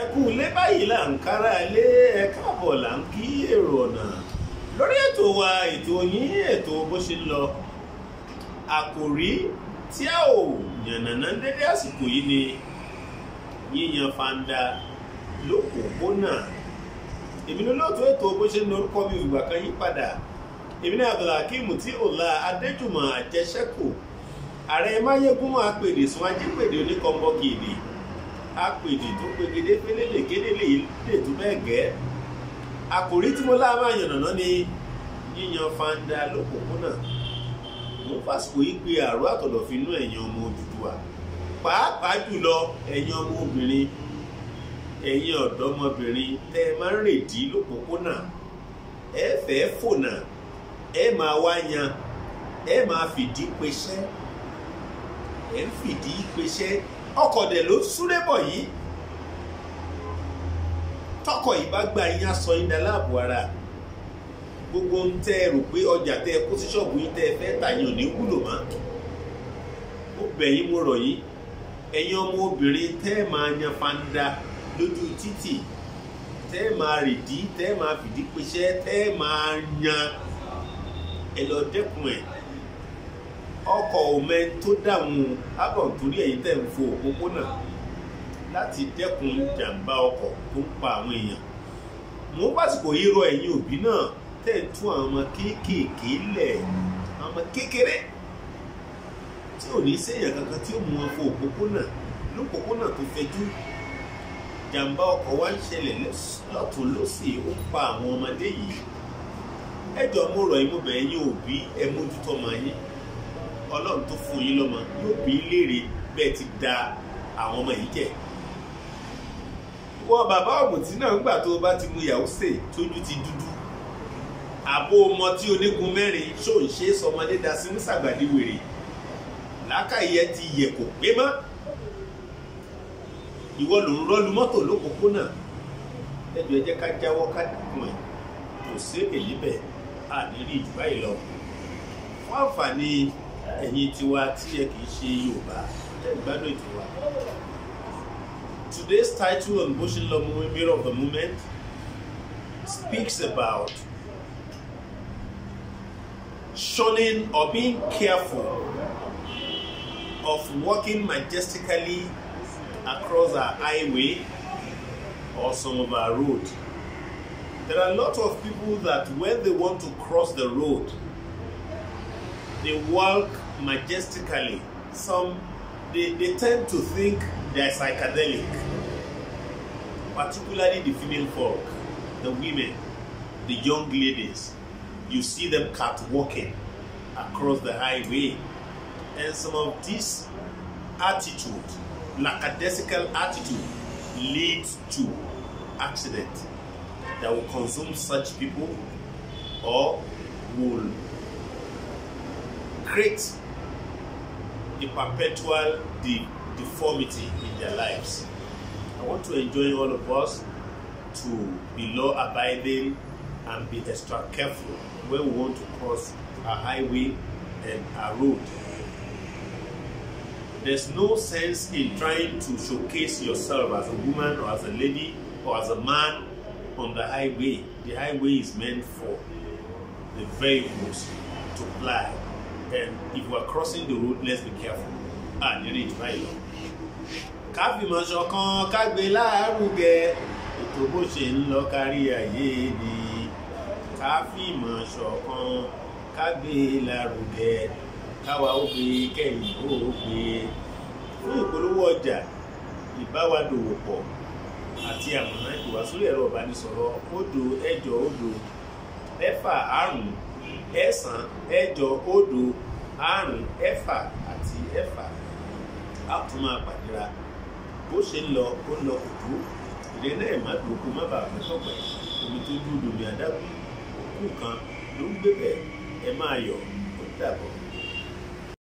ẹ kú ilé báyìí là ń kára ilé ẹ káàbọ̀ là ń kí èrò ọ̀nà lórí ètò wa ètò yín ètò bó ṣe lọ àkòrí tí a ò yànnàná dédé àsìkò yìí ni yíyan fanda lókòókòónà èmi ní lóòótọ́ ètò bó ṣe ní orúkọ mi ìgbà kan yí padà èmi ní abdulhakeem tí ọ̀la adéjùmọ̀ àjẹṣẹ́kù ààrẹ máyégún máa pèdè sún apèdè tó pegedé pélélè kédélè lè tó bẹ́ẹ̀ gẹ́ àkòrí tí mo láàmú àyànnàná ni yíyan fanda lópòópónà mo fásitì yìí pe àrò àtọ̀lọ̀fínú ẹ̀yin ọmọ Odùduwà pàápàá jùlọ ẹ̀yin ọmọ obìnrin ọ̀dọ́mọbìnrin tẹ́ ẹ máa ń rèdí ẹ fẹ́ fònà ẹ máa wá yan ẹ máa fìdí ẹ ń fìdí ọkọ̀ dẹ̀ ló súré bọ̀ yìí tọkọ̀ yìí bá gba yín aṣọ yín dáláàbò ara gbogbo ń tẹ́ ẹ rò pé ọjà tẹ́ ẹ kó sí ṣọ́ọ̀bù yín tẹ́ ẹ fẹ́ tà yín ò ní wúlò mọ́ ó bẹ̀ yín mo rọ̀ yín ẹ̀yin ọmọ obìnrin tẹ́ ẹ máa yan fanda lójú títì tẹ́ ẹ máa rìdí tẹ́ ẹ máa fìdí peṣẹ́ tẹ́ ẹ máa yan ẹ lọ dẹ́kun ẹ̀. ọkọ̀ òmẹ tó dáhùn ábọ̀ torí ẹ̀yìn tẹ̀ ń fo òpópónà láti dẹ́kun jàǹbá ọkọ̀ tó ń pa àwọn èèyàn mo ń pàṣípò yìí rọ ẹ̀yin òbí náà tẹ̀ tún àwọn ọmọ kéékèèké lẹ̀ àwọn kékeré tí ò ní séèyàn kankan tí ó mú wọn fo wa ń ṣẹlẹ̀ lọ́tún lọ́sì ó ń pa àwọn ọmọdé yìí mo òbí ọlọ́run tó fún yín lọ́mọ yóò bí léèrè bẹ́ẹ̀ ti da àwọn ọmọ yìí jẹ́ wọ́n bàbá ọ̀mùtí náà ńgbà tó bá ti mu ìyàwó sè tójú ti dúdú àbó ọmọ tí onígun mẹ́rin ṣó ń ṣe sọmọdé da sí mùsàgbàdì wèrè làákàyè ti yẹ kò pé mọ́ ìwọ ló ń rọ́lu mọ́tò lókòókòónà ẹjọ́ ẹ jẹ́ ká jáwọ́ ká dìkun ẹ̀ kò sí èlébẹ̀ àní rí ìdúbà yìí lọ fún àǹfààní ẹ̀yin tiwa tí ẹ kì í ṣe Yorùbá ẹ gbádùn Today's title on Boshilomo Mirror of the Moment speaks about shunning or being careful of walking majestically across our highway or some of our road. There are a lot of people that when they want to cross the road, they walk majestically. Some, they, they tend to think they're psychedelic, particularly the female folk, the women, the young ladies. You see them catwalking across the highway. And some of this attitude, lackadaisical attitude, leads to accident that will consume such people or will creates a perpetual de deformity in their lives. I want to enjoin all of us to be law abiding and be extra careful when we want to cross a highway and a road. There's no sense in trying to showcase yourself as a woman or as a lady or as a man on the highway. The highway is meant for the vehicles to ply and if we are crossing the road let's be careful a ah, you rí ìdí báyìí lọ. ká fìmọ̀ ṣọ̀kan ká gbé láàrúgẹ ètò bó ṣe ń lọ kárí ayé ni ká fìmọ̀ ṣọ̀kan ká gbé láàrúgẹ káwa ó gbé kẹ́yìn ó gbé fún ìpolówó ọjà ìbáwadòwò pọ̀ àti àmọ̀ràn ìwàsórí ẹ̀rọ ìbánisọ̀rọ̀ òdo ẹ̀jọ òdo mẹ́fà àrùn ẹ̀sán ẹ̀jọ òdo àrùn ẹ̀fà àti ẹ̀fà á tún máa pàdéra bó ṣe ń lọ ó lọ òdú ìdè náà má dùn kó má bàa fẹ́ sọ̀pẹ́ omi tó dúdú ní adágún òkú kan ló ń gbé bẹ́ẹ̀ ẹ máa yọ̀ ó dàbọ̀.